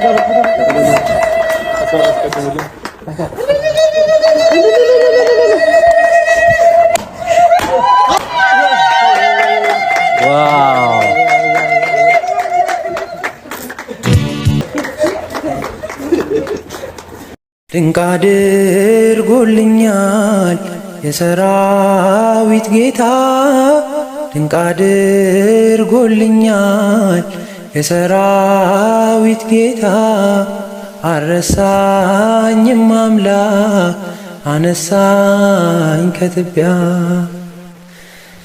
ድንቅ አድርጎልኛል የሰራዊት ጌታ ድንቅ አድርጎልኛል የሰራዊት ጌታ አረሳኝም አምላክ አነሳኝ ከትቢያ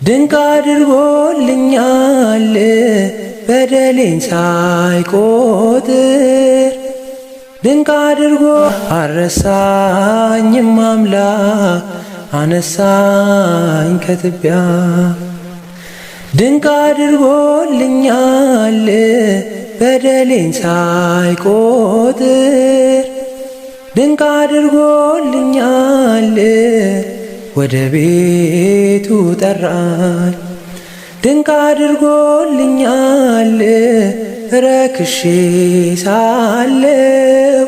ድንቅ አድርጎልኛል በደሌን ሳይቆጥር ድንቅ አድርጎ አረሳኝም አምላክ አነሳኝ ከትቢያ ድንቅ አድርጎልኛል በደሌን ሳይቆጥር ድንቅ አድርጎልኛል ወደ ቤቱ ጠራኝ ድንቅ አድርጎልኛል ረክሼ ሳለው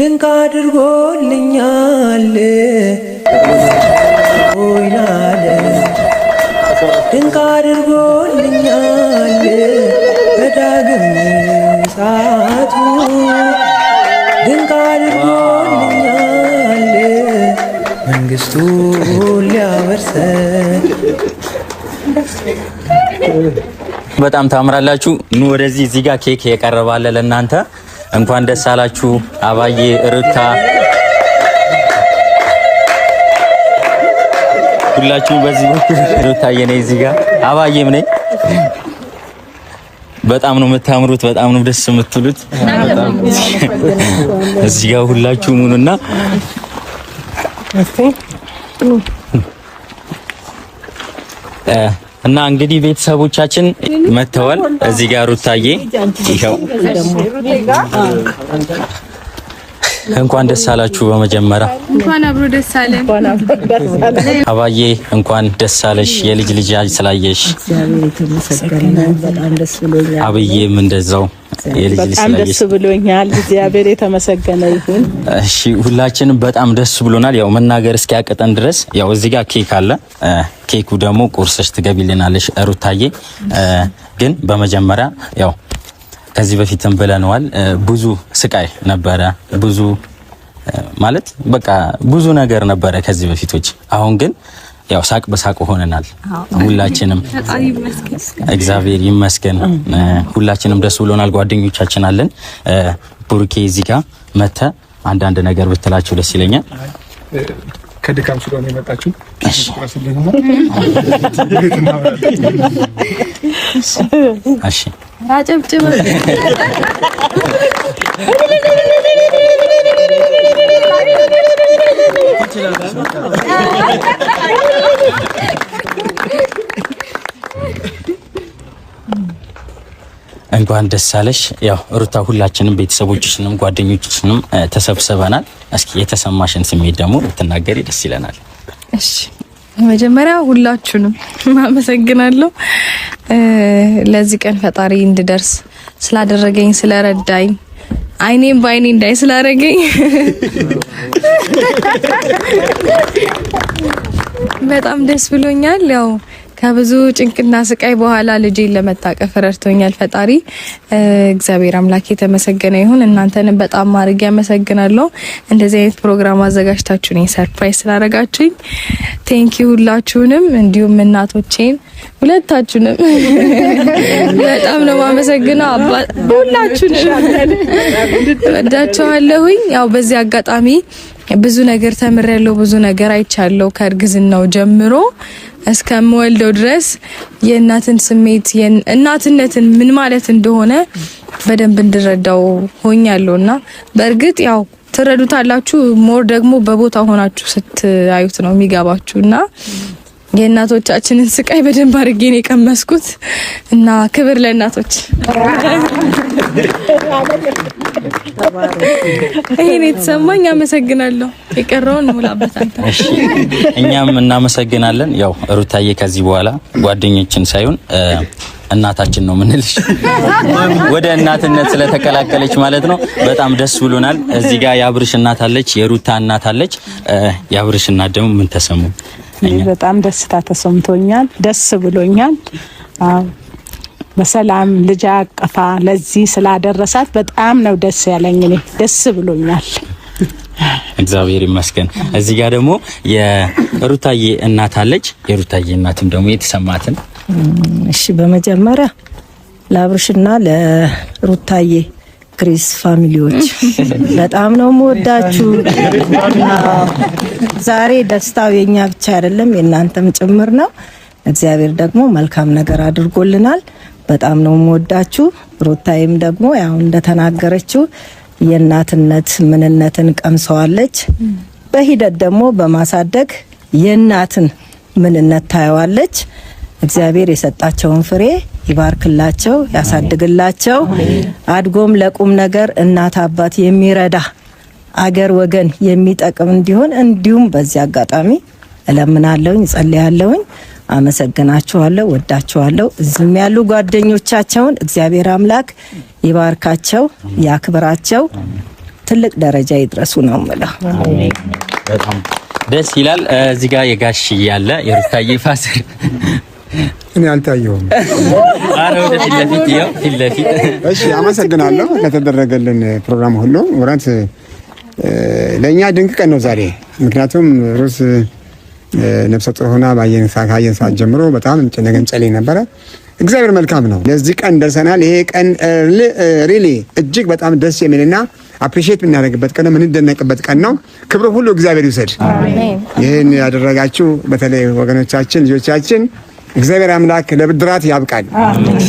ድንቅ አድርጎልኛል ይናለ ድንቅ በጣም ታምራላችሁ። ኑ ወደዚህ። እዚህ ጋር ኬክ የቀረባለ ለእናንተ እንኳን ደስ አላችሁ አባዬ እርታ ሁላችሁ በዚህ በኩል ሩታዬ ነኝ፣ እዚህ ጋር አባዬም ነኝ። በጣም ነው የምታምሩት፣ በጣም ነው ደስ የምትሉት። እዚህ ጋር ሁላችሁ ኑና እ እና እንግዲህ ቤተሰቦቻችን መተዋል። እዚህ ጋር ሩታዬ ይኸው እንኳን ደስ አላችሁ። በመጀመሪያ እንኳን አብሮ ደስ አለ አባዬ፣ እንኳን ደስ አለሽ የልጅ ልጅ ስላየሽ። አብዬም እንደዛው የልጅ ልጅ በጣም ደስ ብሎኛል። እግዚአብሔር የተመሰገነ ይሁን። እሺ፣ ሁላችንም በጣም ደስ ብሎናል። ያው መናገር እስኪያቅጠን ድረስ ያው እዚህ ጋር ኬክ አለ። ኬኩ ደግሞ ቁርስሽ ትገቢልናለሽ ሩታዬ። ግን በመጀመሪያ ያው ከዚህ በፊትም ብለነዋል። ብዙ ስቃይ ነበረ፣ ብዙ ማለት በቃ ብዙ ነገር ነበረ ከዚህ በፊቶች። አሁን ግን ያው ሳቅ በሳቅ ሆነናል። ሁላችንም እግዚአብሔር ይመስገን፣ ሁላችንም ደስ ብሎናል። ጓደኞቻችን አለን። ቡርኬ እዚህ ጋር መተ አንዳንድ ነገር ብትላችሁ ደስ ይለኛል። ከድካም ስለሆነ የመጣችሁ እሺ። እንኳን ደስ አለሽ። ያው ሩታ፣ ሁላችንም ቤተሰቦችሽንም ጓደኞችሽንም ተሰብስበናል። እስኪ የተሰማሽን ስሜት ደግሞ ብትናገሪ ደስ ይለናል። እሺ መጀመሪያ ሁላችሁንም አመሰግናለሁ። ለዚህ ቀን ፈጣሪ እንድደርስ ስላደረገኝ፣ ስለረዳኝ፣ አይኔም በአይኔ እንዳይ ስላደረገኝ በጣም ደስ ብሎኛል ያው ከብዙ ጭንቅና ስቃይ በኋላ ልጄን ለመታቀፍ ረድቶኛል ፈጣሪ እግዚአብሔር አምላክ የተመሰገነ ይሁን። እናንተንም በጣም አድርጌ አመሰግናለሁ። እንደዚህ አይነት ፕሮግራም አዘጋጅታችሁ ነኝ ሰርፕራይዝ ስላደረጋችሁኝ ቴንኪ ሁላችሁንም፣ እንዲሁም እናቶቼን ሁለታችሁንም በጣም ነው ማመሰግነው። ሁላችሁንም ወዳችኋለሁኝ። ያው በዚህ አጋጣሚ ብዙ ነገር ተምሬያለሁ፣ ብዙ ነገር አይቻለሁ። ከእርግዝናው ጀምሮ እስከምወልደው ድረስ የእናትን ስሜት እናትነትን ምን ማለት እንደሆነ በደንብ እንድረዳው ሆኛለሁ እና በእርግጥ ያው ትረዱታላችሁ ሞር ደግሞ በቦታ ሆናችሁ ስትአዩት ነው የሚገባችሁ እና የእናቶቻችንን ስቃይ በደንብ አድርጌ ነው የቀመስኩት እና ክብር ለእናቶች። ይህን የተሰማኝ አመሰግናለሁ። የቀረውን ሙላበት እኛም እናመሰግናለን። ያው ሩታዬ ከዚህ በኋላ ጓደኞችን ሳይሆን እናታችን ነው ምንልሽ። ወደ እናትነት ስለተቀላቀለች ማለት ነው። በጣም ደስ ብሎናል። እዚህ ጋር የአብርሽ እናት አለች፣ የሩታ እናት አለች። የአብርሽ እናት ደግሞ ምን ተሰሙ? ይመስገኛል። በጣም ደስታ ተሰምቶኛል፣ ደስ ብሎኛል። በሰላም ልጅ አቀፋ ለዚህ ስላደረሳት በጣም ነው ደስ ያለኝ። እኔ ደስ ብሎኛል። እግዚአብሔር ይመስገን። እዚህ ጋር ደግሞ የሩታዬ እናት አለች። የሩታዬ እናትም ደግሞ የተሰማትን እሺ፣ በመጀመሪያ ለአብርሽና ለሩታዬ ክሪስ ፋሚሊዎች በጣም ነው የምወዳችሁ። ዛሬ ደስታው የኛ ብቻ አይደለም የእናንተም ጭምር ነው። እግዚአብሔር ደግሞ መልካም ነገር አድርጎልናል። በጣም ነው የምወዳችሁ። ሩታይም ደግሞ ያው እንደተናገረችው የእናትነት ምንነትን ቀምሰዋለች። በሂደት ደግሞ በማሳደግ የእናትን ምንነት ታየዋለች። እግዚአብሔር የሰጣቸውን ፍሬ ይባርክላቸው፣ ያሳድግላቸው። አድጎም ለቁም ነገር እናት አባት የሚረዳ አገር ወገን የሚጠቅም እንዲሆን እንዲሁም በዚህ አጋጣሚ እለምናለሁኝ፣ እጸልያለሁኝ። አመሰግናችኋለሁ፣ ወዳችኋለሁ። እዚህም ያሉ ጓደኞቻቸውን እግዚአብሔር አምላክ ይባርካቸው፣ ያክብራቸው፣ ትልቅ ደረጃ ይድረሱ ነው ምለው። ደስ ይላል። እዚህ ጋር የጋሽ እያለ የሩታዬ ፋሲል እኔ አልታየሁም። እሺ፣ አመሰግናለሁ ለተደረገልን ፕሮግራም ሁሉ። ወራት ለእኛ ድንቅ ቀን ነው ዛሬ፣ ምክንያቱም ሩስ ነፍሰ ጡር ሆና ባየን ካየን ሰዓት ጀምሮ በጣም ጭነገን ጸልይ ነበረ። እግዚአብሔር መልካም ነው። ለዚህ ቀን ደርሰናል። ይሄ ቀን ሪሊ እጅግ በጣም ደስ የሚልና አፕሪሺየት የምናደርግበት ቀን ነው፣ የምንደነቅበት ቀን ነው። ክብሩ ሁሉ እግዚአብሔር ይውሰድ። ይህን ያደረጋችሁ በተለይ ወገኖቻችን ልጆቻችን እግዚአብሔር አምላክ ለብድራት ያብቃል።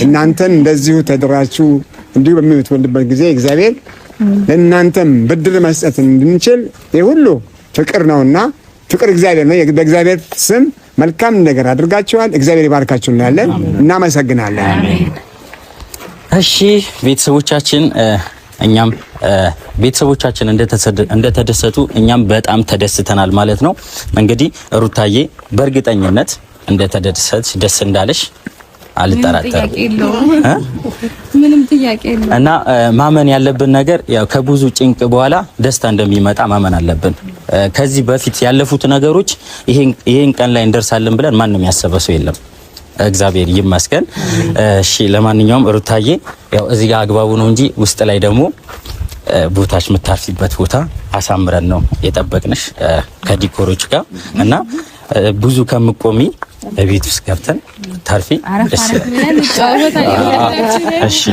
እናንተን እንደዚሁ ተድራችሁ እንዲሁ በምትወልድበት ጊዜ እግዚአብሔር ለእናንተም ብድር መስጠት እንድንችል ይህ ሁሉ ፍቅር ነውና ፍቅር እግዚአብሔር ነው። በእግዚአብሔር ስም መልካም ነገር አድርጋችኋል። እግዚአብሔር ይባርካችሁ እንላለን። እናመሰግናለን። እሺ ቤተሰቦቻችን እኛም ቤተሰቦቻችን እንደተደሰቱ እኛም በጣም ተደስተናል ማለት ነው። እንግዲህ ሩታዬ በእርግጠኝነት እንደተደሰች ደስ እንዳለሽ አልጠራጠርም። ምንም ጥያቄ የለውም። እና ማመን ያለብን ነገር ያው ከብዙ ጭንቅ በኋላ ደስታ እንደሚመጣ ማመን አለብን። ከዚህ በፊት ያለፉት ነገሮች ይሄን ቀን ላይ እንደርሳለን ብለን ማንም ያሰበ ሰው የለም። እግዚአብሔር ይመስገን። እሺ፣ ለማንኛውም ሩታዬ ያው እዚህ ጋር አግባቡ ነው እንጂ ውስጥ ላይ ደግሞ ቦታሽ የምታርፊበት ቦታ አሳምረን ነው የጠበቅንሽ ከዲኮሮች ጋር እና ብዙ ከምቆሚ በቤት ውስጥ ገብተን ታርፊ ደስ ይላል። እሺ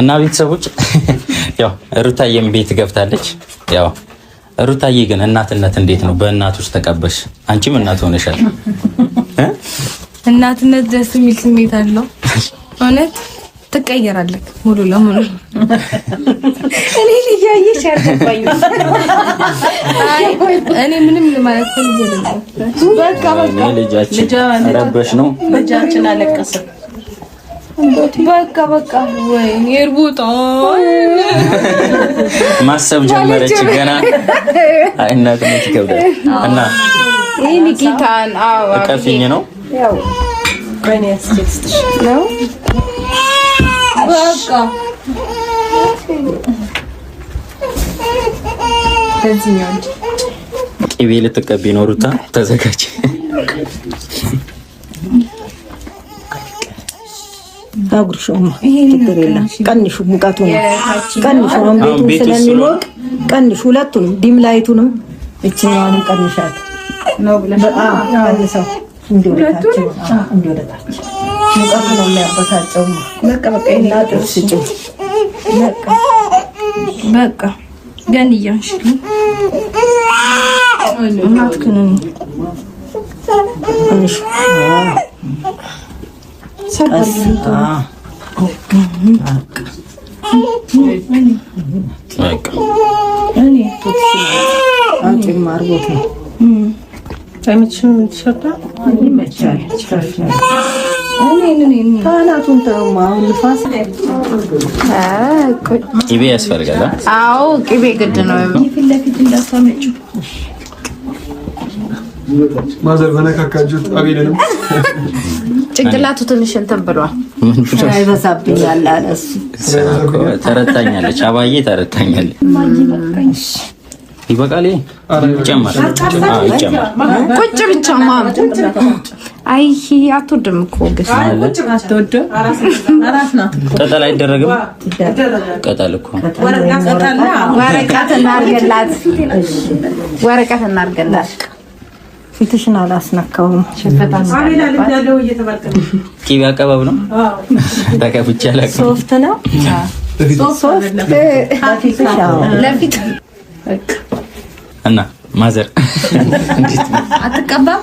እና ቤተሰቦች ያው ሩታዬም ቤት ገብታለች። ያው ሩታዬ ግን እናትነት እንዴት ነው? በእናት ውስጥ ተቀበሽ፣ አንቺም እናት ሆነሻል። እናትነት ደስ የሚል ስሜት አለው እውነት ትቀየራለህ ሙሉ ለሙሉ። እኔ እያየሽ ያልገባኝ እኔ ምንም ማለት በቃ ልጃችን ነው ልጃችን አለቀሰ። በቃ በቃ ወይ የርቡጣ ማሰብ ጀመረች። ገና እናትነት ይከብዳል። እና ይሄ ጌታን አዎ ቀፊኝ ነው ያው ነው ቅቤ ልትቀቢ ነው ሩታ፣ ተዘጋጅ። ቀንሹ፣ ሙቀቱ ቀንሹ፣ ቤቱም ስለሚሞቅ ቀንሹ። ሁለቱንም ዲም ላይቱንም እችኛዋንም ቀንሻት ነው ብለሽ መጽሐፍ ነው የሚያበሳጨው። በቃ በቃ ይናጥር ስጭ በቃ በቃ ገን እያንሽል እናትክንን አርቦት ካህናቱን ተማ ንፋስ ቅቤ ያስፈልጋል። አዎ ቅቤ ግድ ነው። ፊት ለፊት እንዳታመጭ ማዘር በነካካችሁ አቤልንም ጭንቅላቱ ትንሽ እንትን ብሏል። ይበዛብኛል አለ እሱ። ተረታኛለች፣ አባዬ ተረታኛለች። ይበቃል። ይጨመር ቁጭ ብቻ አይ አትወድም እኮ አራስ እኮ ቅጠል አይደረግም። ቅጠል እኮ ወረቀት ወረቀት ፊትሽን አላስነካውም። ቂቤ አቀባብ ነው ተቀብቼ አላውቅም። ሶፍት ነው ሶፍት ለፊት እና ማዘር አትቀባም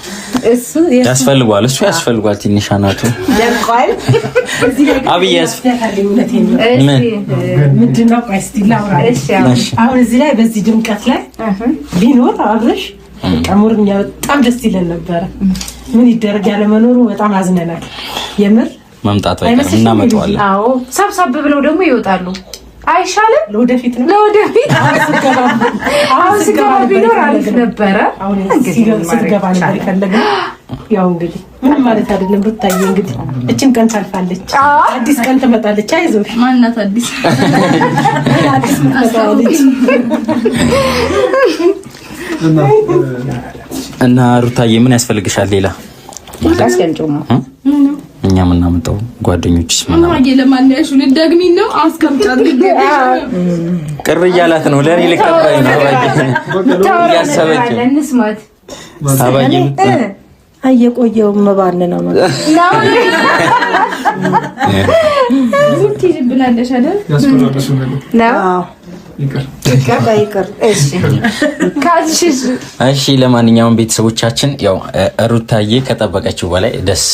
ያስፈልጓል፣ እሱ ያስፈልጓል። ትንሽ አናቱ ደቋል። አብዬ ምንድን ነው? ቆይ እስኪ ላውራ። አሁን እዚህ ላይ በዚህ ድምቀት ላይ ቢኖር አብረሽ ቀሙር እኛ በጣም ደስ ይለን ነበረ። ምን ይደረግ ያለመኖሩ በጣም አዝነናል። የምር መምጣት አይቀርም፣ እናመጣዋለን። ሰብሰብ ብለው ደግሞ ይወጣሉ አይሻልም? ለወደፊት ነው ለወደፊት አሁን ስገባ ቢኖር አሪፍ ነበረ። አሁን ስገባ ነበር የፈለግነው። ያው እንግዲህ ምንም ማለት አይደለም። ብታይ እንግዲህ እችን ቀን ታልፋለች፣ አዲስ ቀን ትመጣለች። አይዞሽ ማናት አዲስ አዲስ ትመጣለች እና ሩታዬ ምን ያስፈልግሻል ሌላ ማለት እኛ የምናመጣው ጓደኞች ደግሚ ነው አስቀምጫት። ቅር እያላት ነው። ለእኔ ልቀባይ ነው እያሰበች እየቆየው መባል ነው። ብዙ አይደል? እሺ ለማንኛውም ቤተሰቦቻችን ያው እሩታዬ ከጠበቀችው በላይ ደስ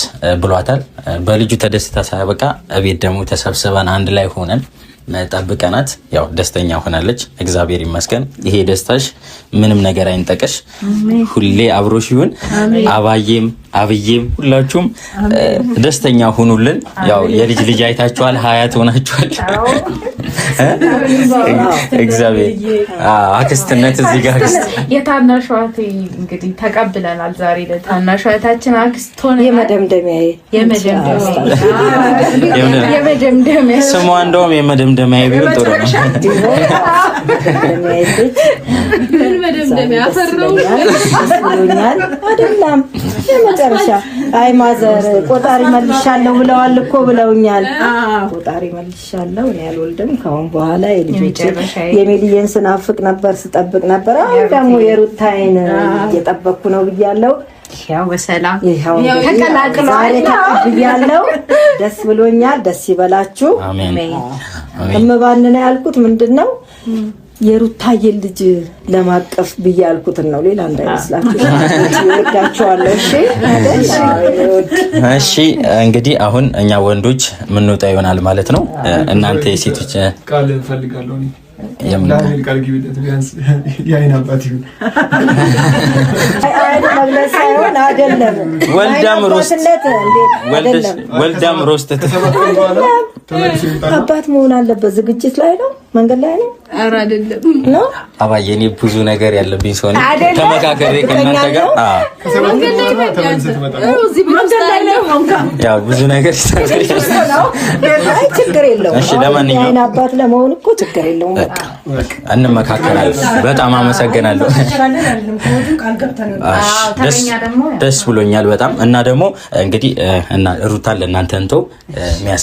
ብሏታል። በልጁ ተደስታ ሳያበቃ እቤት ደግሞ ተሰብስበን አንድ ላይ ሆነን ጠብቀናት ያው ደስተኛ ሆናለች። እግዚአብሔር ይመስገን። ይሄ ደስታሽ ምንም ነገር አይንጠቀሽ፣ ሁሌ አብሮሽ ይሁን። አባዬም አብዬም ሁላችሁም ደስተኛ ሁኑልን። ያው የልጅ ልጅ አይታችኋል፣ ሀያት ሆናችኋል። እግዚአብሔር አክስትነት እዚህ ጋር አክስት የታናሸዋት እንግዲህ ተቀብለናል። ዛሬ ለታናሸዋታችን እህታችን አክስት ሆነ። የመደምደሚያ የመደምደሚያ ስሟ እንደውም የመደምደሚያ ቢሆን ጥሩ ነው። መደምደሚያ ፈረውኛል አይደለም የመጨረሻ አይ ማዘር ቆጣሪ መልሻለሁ ብለዋል እኮ ብለውኛል። ቆጣሪ መልሻለሁ እኔ አልወልድም ካሁን በኋላ የልጆች የሚልየን ስናፍቅ ነበር ስጠብቅ ነበር። አሁን ደግሞ የሩታይን እየጠበቅኩ ነው ብያለሁ። ያው በሰላም ተቀላቅለዋል ብያለሁ። ደስ ብሎኛል። ደስ ይበላችሁ። እምባን ነው ያልኩት ምንድን ነው የሩታዬን ልጅ ለማቀፍ ብዬ ያልኩትን ነው። ሌላ እንዳይመስላችሁ። እሺ እንግዲህ አሁን እኛ ወንዶች ምንወጣ ይሆናል ማለት ነው። እናንተ የሴቶች ቃል ለአቤል ቃል ግቢለት። ቢያንስ የአይን አባት ይሁን። ወልዳም ሮስት አባት መሆን አለበት። ዝግጅት ላይ ነው፣ መንገድ ላይ ነው። ኧረ አይደለም ነው አባዬ፣ እኔ ብዙ ነገር ያለብኝ ሰው ነኝ። ተመካከሬ ከእናንተ ጋር ብዙ ነገር ችግር የለውም። አባት ለመሆን እኮ ችግር የለውም። እንመካከላለን። በጣም አመሰግናለሁ። ደስ ብሎኛል በጣም እና ደግሞ እንግዲህ እና ሩታል